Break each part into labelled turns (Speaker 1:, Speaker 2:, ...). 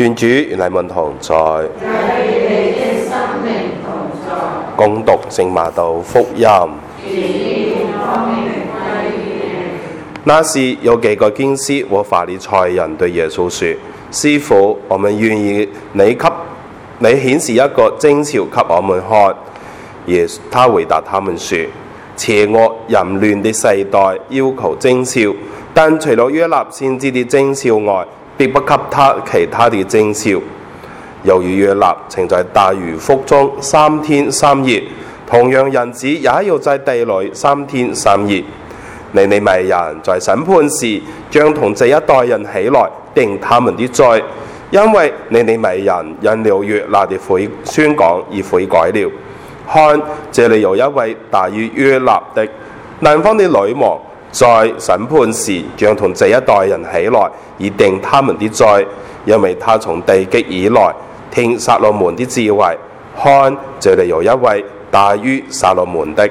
Speaker 1: 願主與你同在，同在共讀聖馬竇福音。那時有幾個經師和法利賽人對耶穌說：師傅，我們願意你給、你顯示一個徵兆給我們看。耶穌，他回答他們說：邪惡淫亂的世代要求徵兆，但除了約納先知的徵兆外，必不給他其他嘅徵兆。猶如約納曾在大魚腹中三天三夜，同樣人子也要在地裏三天三夜。尼尼微人在審判時，將同這一代人起來定他們的罪，因為尼尼微人因了約納的悔宣講而悔改了。看，這裡有一位大於約納的南方的女王。在審判時，將同這一代人起來，以定他們的罪，因為他從地極以來聽撒羅門的智慧，看，這裏有一位大於撒羅門的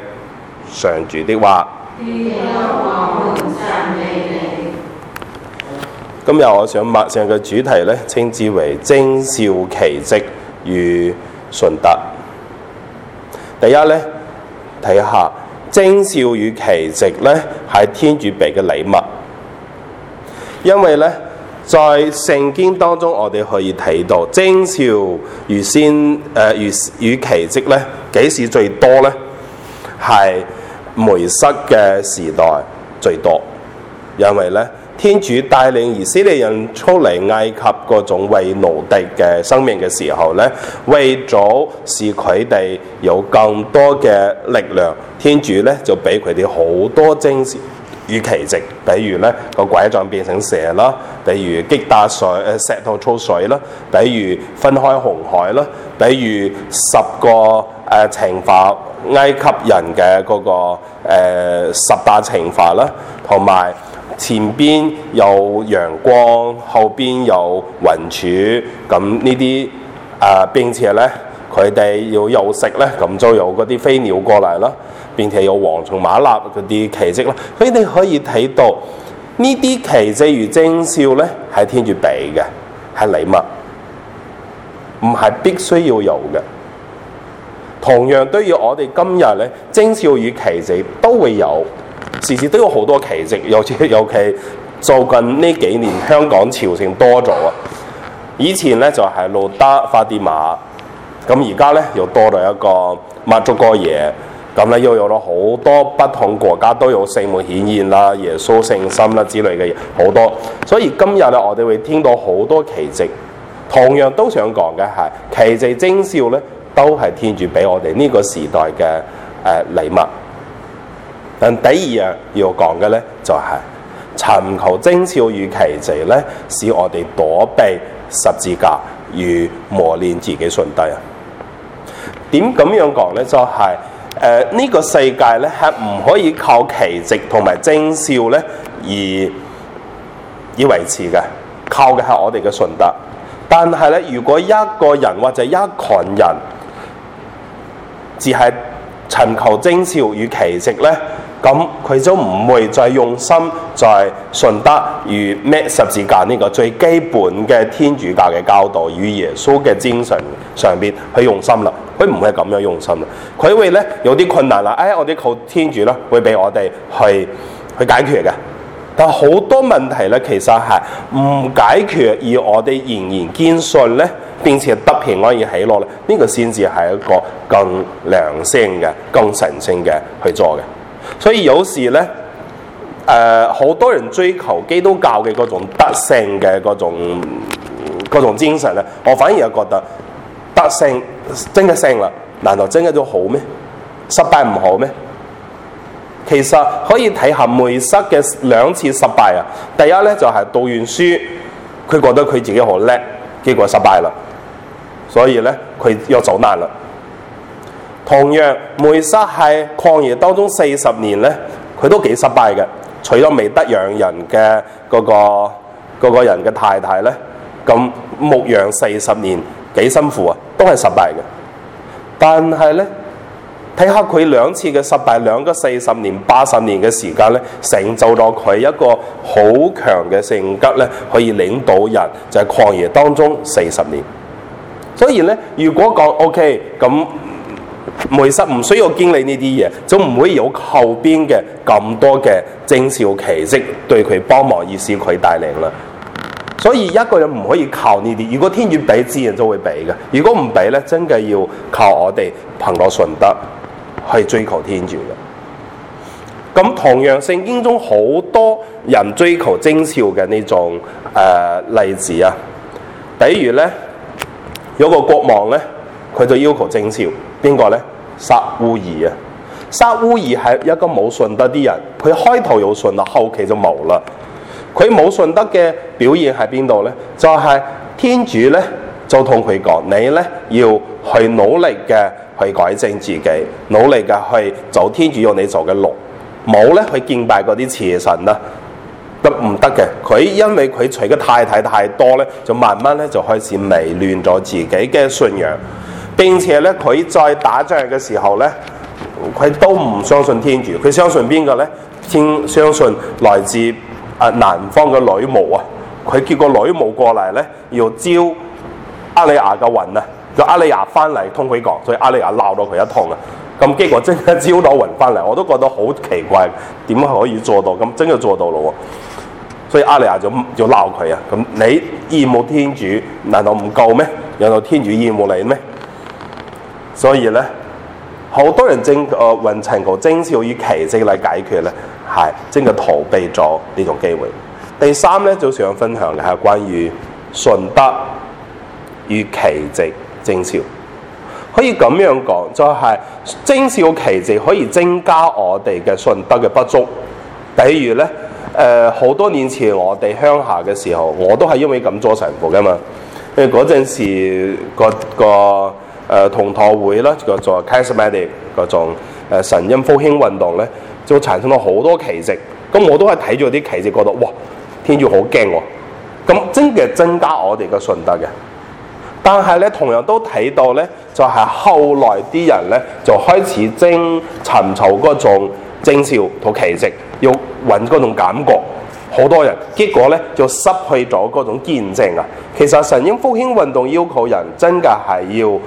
Speaker 1: 上主的話。今日我想默上嘅主題呢，稱之為徵兆奇蹟與信德。第一呢，睇下。徵兆與奇跡呢係天主俾嘅禮物，因為呢在聖經當中，我哋可以睇到徵兆與先誒、呃、與與奇跡呢幾時最多呢？係梅瑟嘅時代最多，因為呢。天主帶領以色列人出嚟埃及各種為奴隸嘅生命嘅時候咧，為咗使佢哋有更多嘅力量，天主咧就俾佢哋好多徵兆奇蹟，比如咧個拐杖變成蛇啦，比如擊打水誒石頭出水啦，比如分開紅海啦，比如十個誒、呃、懲、呃、罰埃及人嘅嗰個、呃、十大懲罰啦，同埋。前邊有陽光，後邊有雲柱，咁呢啲啊，並且咧，佢哋要有食咧，咁就有嗰啲飛鳥過嚟啦，並且有蝗蟲、瑪納嗰啲奇跡啦，所以你可以睇到呢啲奇跡與徵兆咧，係天主俾嘅，係禮物，唔係必須要有嘅。同樣都要我哋今日咧，徵兆與奇跡都會有。時時都有好多奇蹟，尤其尤其最近呢幾年，香港朝聖多咗啊！以前呢就係路德、法蒂瑪，咁而家呢又多咗一個默主哥耶，咁呢又有咗好多不同國家都有聖母顯現啦、耶穌聖心啦之類嘅嘢，好多。所以今日呢我哋會聽到好多奇蹟，同樣都想講嘅係奇蹟徵兆呢都係天主俾我哋呢個時代嘅誒禮物。但第二樣要講嘅咧，就係尋求徵兆與奇蹟咧，使我哋躲避十字架與磨練自己信德啊！點咁樣講咧？就係誒呢個世界咧，係唔可以靠奇蹟同埋徵兆咧而以維持嘅，靠嘅係我哋嘅信德。但係咧，如果一個人或者一群人只係尋求徵兆與奇蹟咧，咁佢就唔會再用心在信德與咩十字架呢個最基本嘅天主教嘅教導與耶穌嘅精神上面去用心啦。佢唔會咁樣用心啦。佢會咧有啲困難啦。誒、哎，我哋靠天主啦，會俾我哋去去解決嘅。但好多問題咧，其實係唔解決而我哋仍然堅信咧，並且得平安而喜樂咧，呢、這個先至係一個更良善嘅、更神聖嘅去做嘅。所以有時呢，誒、呃、好多人追求基督教嘅嗰種得勝嘅嗰種精神呢，我反而又覺得得勝，真嘅勝啦，難道真嘅都好咩？失敗唔好咩？其實可以睇下梅瑟嘅兩次失敗啊。第一呢，就係、是、讀完書，佢覺得佢自己好叻，結果失敗啦。所以呢，佢又走難啦。同樣，梅瑟喺曠野當中四十年呢，佢都幾失敗嘅，除咗米德揚人嘅嗰個嗰個人嘅太太呢，咁牧羊四十年幾辛苦啊，都係失敗嘅。但係呢，睇下佢兩次嘅失敗，兩個四十年、八十年嘅時間呢，成就咗佢一個好強嘅性格呢，可以領導人就係曠野當中四十年。所以呢，如果講 O K 咁。梅瑟唔需要經歷呢啲嘢，就唔會有後邊嘅咁多嘅徵兆奇蹟對佢幫忙，而是佢帶領啦。所以一個人唔可以靠呢啲，如果天主俾自然就會俾嘅。如果唔俾咧，真嘅要靠我哋憑我信德去追求天主嘅。咁同樣聖經中好多人追求徵兆嘅呢種誒、呃、例子啊，比如咧有個國王咧，佢就要求徵兆。邊個咧？殺烏兒啊！殺烏兒係一個冇信德啲人，佢開頭信有，有信啦，後期就冇啦。佢冇信德嘅表現喺邊度咧？就係、是、天主咧就同佢講，你咧要去努力嘅去改正自己，努力嘅去做天主要你做嘅路，冇咧去敬拜嗰啲邪神啦，得唔得嘅？佢因為佢除嘅太太太多咧，就慢慢咧就開始迷亂咗自己嘅信仰。並且咧，佢再打仗嘅時候咧，佢都唔相信天主，佢相信邊個咧？天相信來自啊南方嘅女巫啊。佢叫個女巫過嚟咧，要招阿里亞嘅魂啊，叫阿里亞翻嚟同佢講，所以阿里亞鬧到佢一通啊。咁結果真係招到魂翻嚟，我都覺得好奇怪，點可以做到咁真係做到咯喎。所以阿里亞就就鬧佢啊。咁你厭惡天主，難道唔夠咩？有到天主厭惡你咩？所以咧，好多人正個運程同徵兆與奇跡嚟解決咧，係整個逃避咗呢種機會。第三咧，就想分享嘅係關於信德與奇跡徵兆，可以咁樣講，就係、是、徵兆奇跡可以增加我哋嘅信德嘅不足。比如咧，誒、呃、好多年前我哋鄉下嘅時候，我都係因為咁做神父㗎嘛，因為嗰陣時、那個。那個誒、呃、同堂會啦，叫做 charismatic 嗰種誒、呃、神恩復興運動咧，就產生咗好多奇跡。咁我都係睇咗啲奇跡，覺得哇！天主好驚喎、哦。咁真嘅增加我哋嘅信德嘅，但係咧同樣都睇到咧，就係、是、後來啲人咧就開始徵尋求嗰種徵兆同奇跡，要揾嗰種感覺。好多人結果咧就失去咗嗰種見證啊。其實神恩復興運動要求人真嘅係要。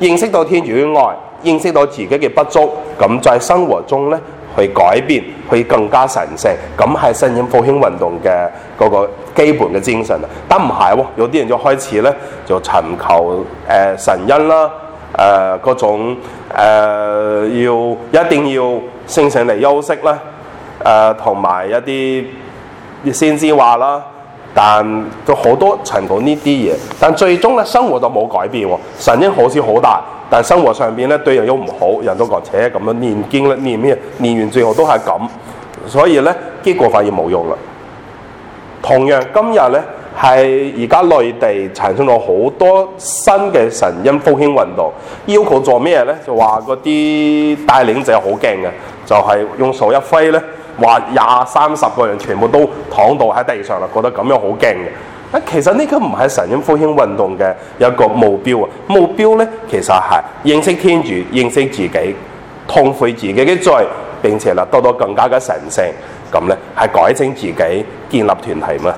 Speaker 1: 認識到天主嘅愛，認識到自己嘅不足，咁在生活中呢去改變，去更加神聖，咁係信仰復興運動嘅嗰個基本嘅精神。但唔係喎，有啲人就開始呢，就尋求、呃、神恩啦，誒、呃、嗰種、呃、要一定要升上嚟休息啦，同、呃、埋一啲先知話啦。但都好多陳講呢啲嘢，但最終咧生活就冇改變。神恩好似好大，但生活上邊咧對人都唔好，人都講扯，咁樣念經咧念咩？念完最後都係咁，所以咧結果發現冇用啦。同樣今日咧，係而家內地產生咗好多新嘅神恩復興運動，要求做咩咧？就話嗰啲帶領者好勁嘅，就係用手一揮咧。話廿三十個人全部都躺到喺地上啦，覺得咁樣好驚嘅。但其實呢個唔係神恩復興運動嘅一個目標啊。目標呢，其實係認識天主、認識自己、痛悔自己嘅罪，並且啦，多多更加嘅神聖。咁呢係改正自己、建立團體嘛。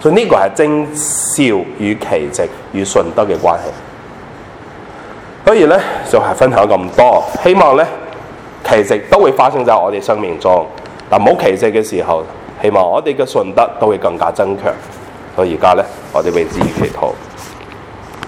Speaker 1: 所以呢個係徵兆與奇跡與信德嘅關係。當然呢，就係分享咁多，希望呢，奇跡都會發生在我哋生命中。沒冇奇跡嘅時候，希望我哋嘅信德都會更加增強。到而家在呢我哋為之祈禱。